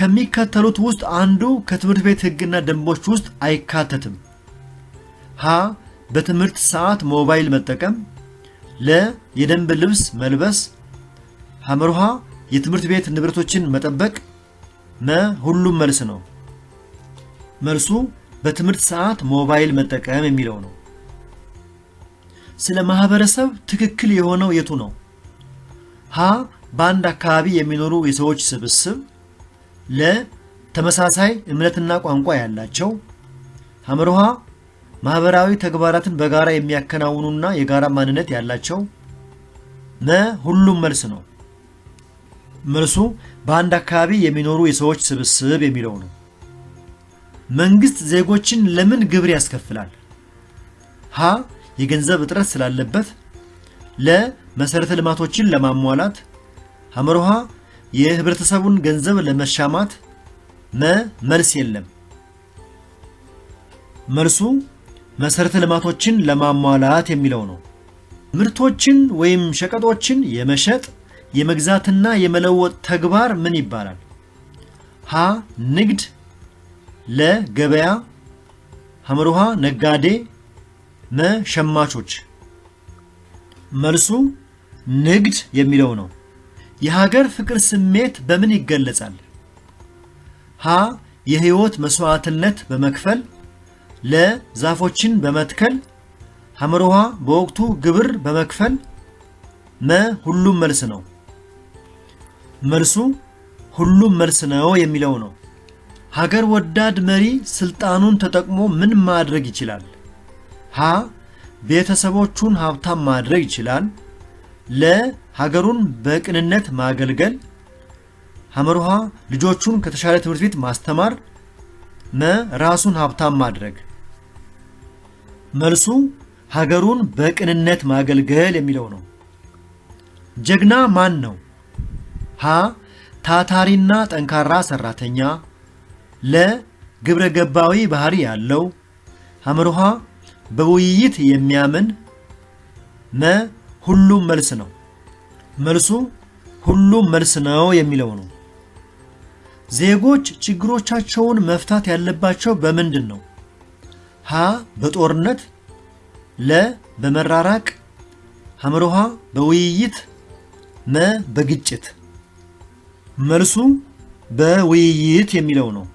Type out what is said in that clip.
ከሚከተሉት ውስጥ አንዱ ከትምህርት ቤት ሕግና ደንቦች ውስጥ አይካተትም። ሀ በትምህርት ሰዓት ሞባይል መጠቀም፣ ለ የደንብ ልብስ መልበስ፣ ሐመርሃ የትምህርት ቤት ንብረቶችን መጠበቅ፣ መ ሁሉም መልስ ነው። መልሱ በትምህርት ሰዓት ሞባይል መጠቀም የሚለው ነው። ስለ ማህበረሰብ ትክክል የሆነው የቱ ነው? ሀ በአንድ አካባቢ የሚኖሩ የሰዎች ስብስብ ለተመሳሳይ እምነትና ቋንቋ ያላቸው አምርሃ ማህበራዊ ተግባራትን በጋራ የሚያከናውኑና የጋራ ማንነት ያላቸው መ ሁሉም መልስ ነው። መልሱ በአንድ አካባቢ የሚኖሩ የሰዎች ስብስብ የሚለው ነው። መንግስት ዜጎችን ለምን ግብር ያስከፍላል? ሀ የገንዘብ እጥረት ስላለበት፣ ለ መሰረተ ልማቶችን ለማሟላት፣ ሐመርሃ የህብረተሰቡን ገንዘብ ለመሻማት መ መልስ የለም። መልሱ መሰረተ ልማቶችን ለማሟላት የሚለው ነው። ምርቶችን ወይም ሸቀጦችን የመሸጥ የመግዛትና የመለወጥ ተግባር ምን ይባላል? ሀ ንግድ፣ ለ ገበያ፣ ነጋዴ፣ መ ሸማቾች። መልሱ ንግድ የሚለው ነው። የሀገር ፍቅር ስሜት በምን ይገለጻል? ሀ የህይወት መስዋዕትነት በመክፈል ለ ዛፎችን በመትከል ሐምሮሃ በወቅቱ ግብር በመክፈል መ ሁሉም መልስ ነው። መልሱ ሁሉም መልስ ነው የሚለው ነው። ሀገር ወዳድ መሪ ስልጣኑን ተጠቅሞ ምን ማድረግ ይችላል? ሀ ቤተሰቦቹን ሀብታም ማድረግ ይችላል። ለሀገሩን በቅንነት ማገልገል ሀመርሃ ልጆቹን ከተሻለ ትምህርት ቤት ማስተማር መ ራሱን ሀብታም ማድረግ መልሱ ሀገሩን በቅንነት ማገልገል የሚለው ነው። ጀግና ማን ነው? ሀ ታታሪና ጠንካራ ሰራተኛ፣ ለ ግብረ ገባዊ ባህሪ ያለው፣ ሐመርሃ በውይይት የሚያምን፣ መ ሁሉም መልስ ነው። መልሱ ሁሉም መልስ ነው የሚለው ነው። ዜጎች ችግሮቻቸውን መፍታት ያለባቸው በምንድን ነው? ሀ በጦርነት፣ ለ በመራራቅ፣ ሐመሮሃ በውይይት፣ መ በግጭት። መልሱ በውይይት የሚለው ነው።